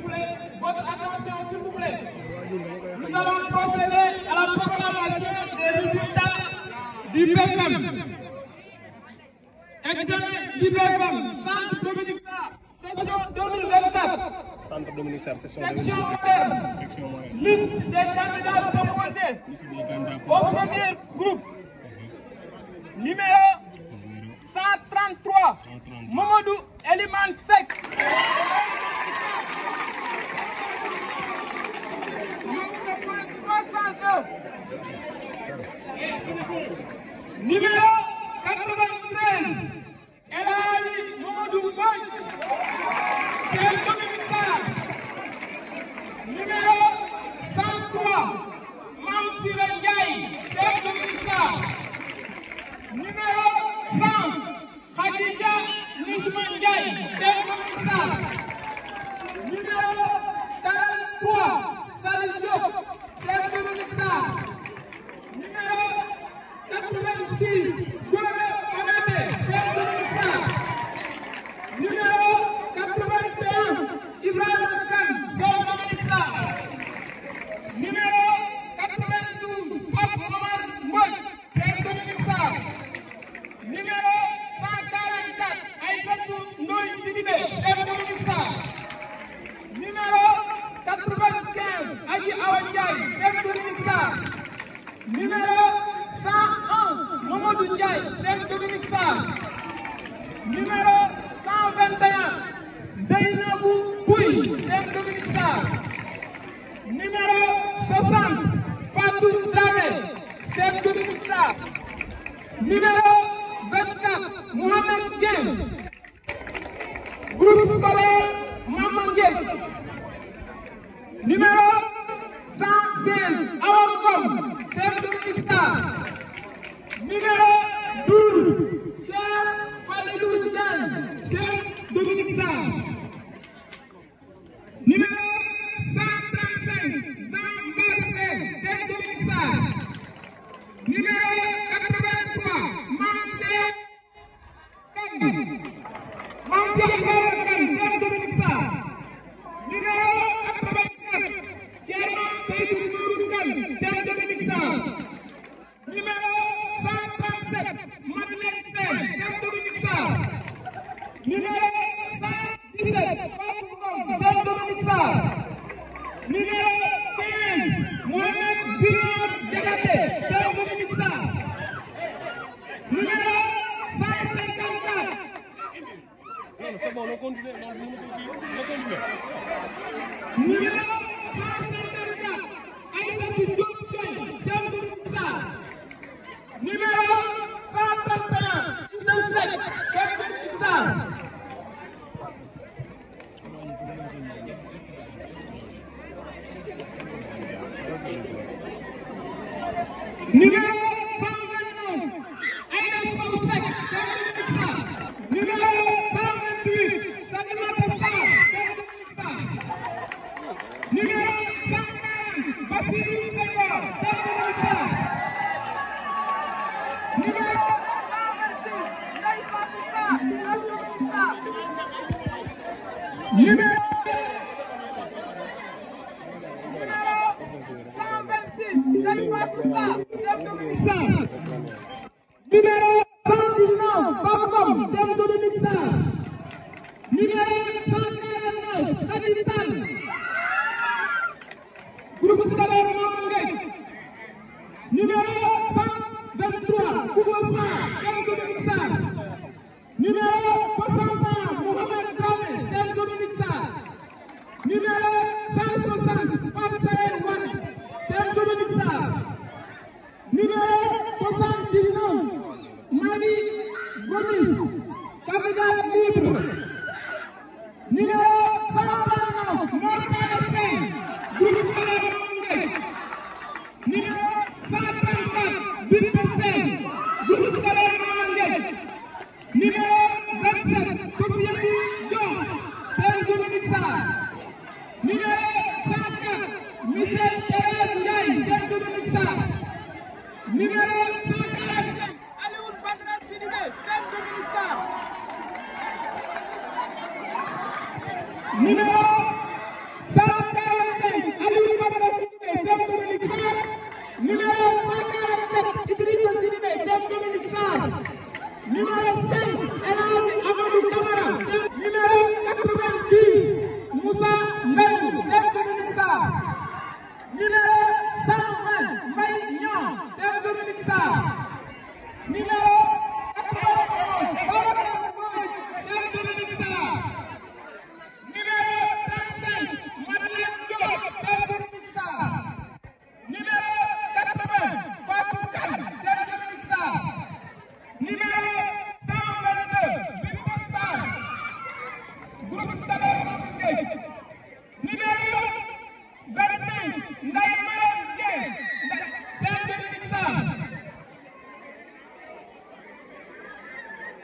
votre attention, s'il vous plaît. Nous allons procéder à la proclamation des résultats du BFM. Examen du PM, Centre Dominique section 2024. section 2024. Liste des candidats proposés. Au premier groupe. Numéro 133. 133. Mamadou Eliman número 93, El Hadji Mamadou Mbodj, c'est Dominique Sarr. Numéro 103, Numéro 101, Mamadou Ndiaye, Saint-Dominique Numéro 121, Zainabou Bouy, Saint-Dominique Sarr. Numéro 60, Fatou Dramé, Saint-Dominique Sarr. Numéro 24, Mohamed Dien. Groupe scolaire Maman Numéro 116, Com. numero 2. numéro 15 Mohamed Zilor Diakhaté Sër Dominique Sarr numéro 154 numéro Anthony Gomes, capital Libro. Número Salvador, Morgan Sen, Gurus Karamunde. Número Salvador, Bimber Sen, Gurus Karamunde. Número Benson, Sophia B. John, Sen Dominic Sar. Número Saka, Michel Terez Ndiaye, Sen Dominic Sar. Número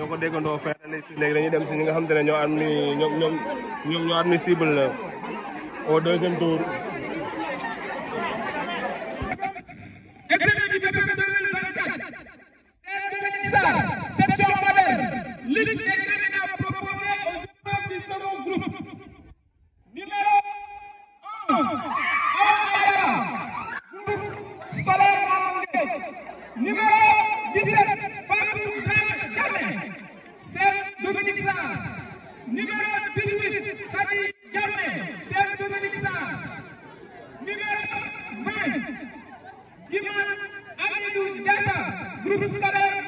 ñoo ko déggandoo feerale si léegi dañuy dem si ñi nga xam te ne ñoo admi ñoom ñoom ñoo admissible au deuxième tour 苦しかれ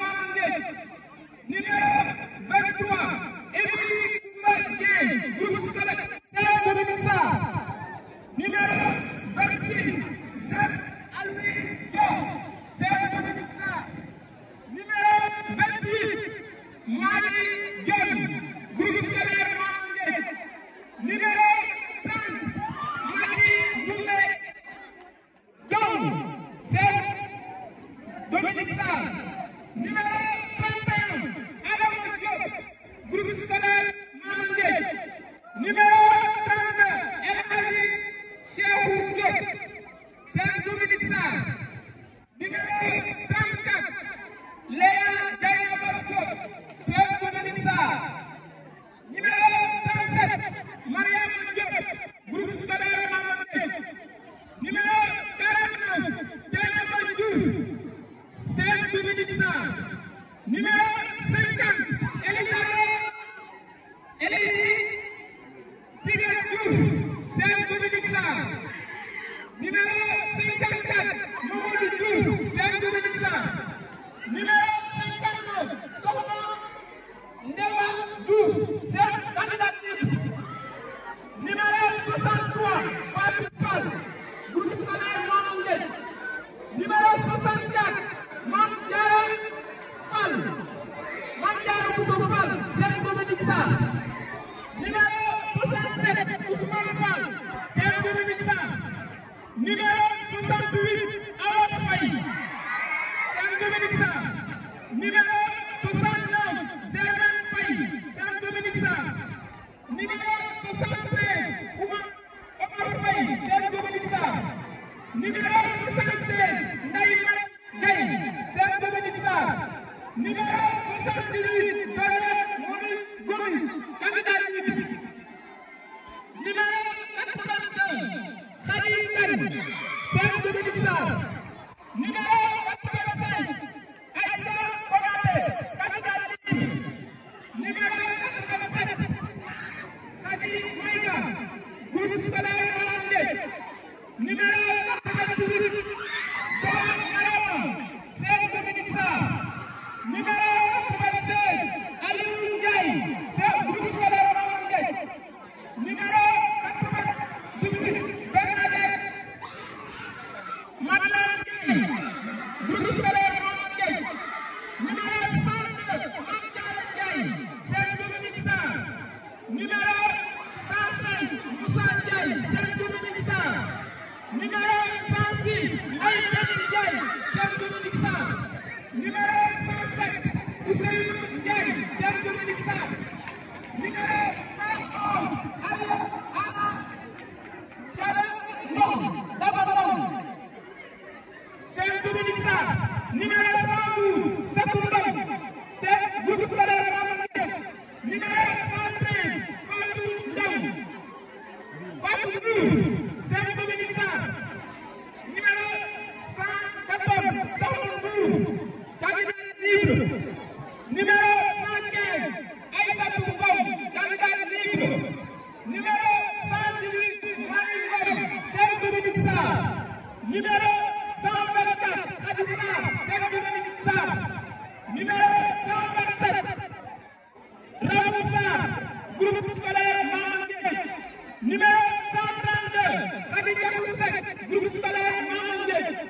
Bruxelles Mandé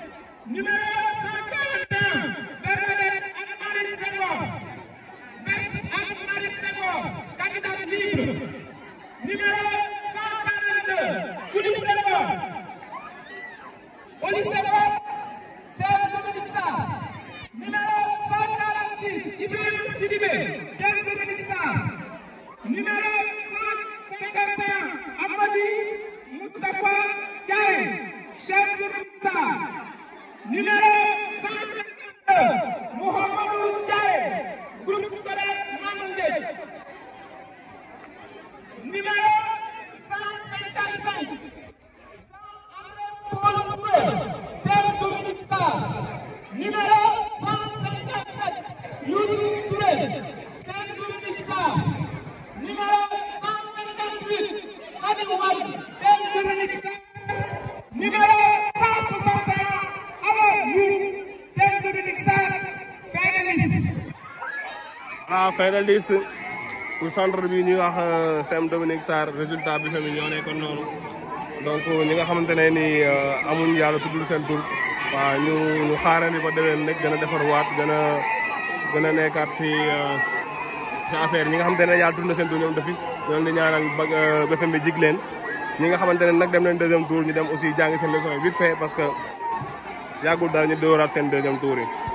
numéro final liste pour centre bi ñuy wax CM euh, Dominique Sarr résultat bi famille ñoo nekkoon noonu donc ñi nga xamante ne ni euh, amuñ yàlla tuddul seen tur waaw ñu ñu xaarandi ba déwén nag gën a defar waat gën a gën a nekkaat si si euh, affaire ñi nga xamante ne yàlla tudd na ñoom dafis ñoon di ñaanal ba BFM bi jig leen ñi nga xamante ne nag dem nañ deuxième tour ñu dem aussi jàngi seen leçon yi vite fait parce que yàggul daal ñu dóoraat seen deuxième tour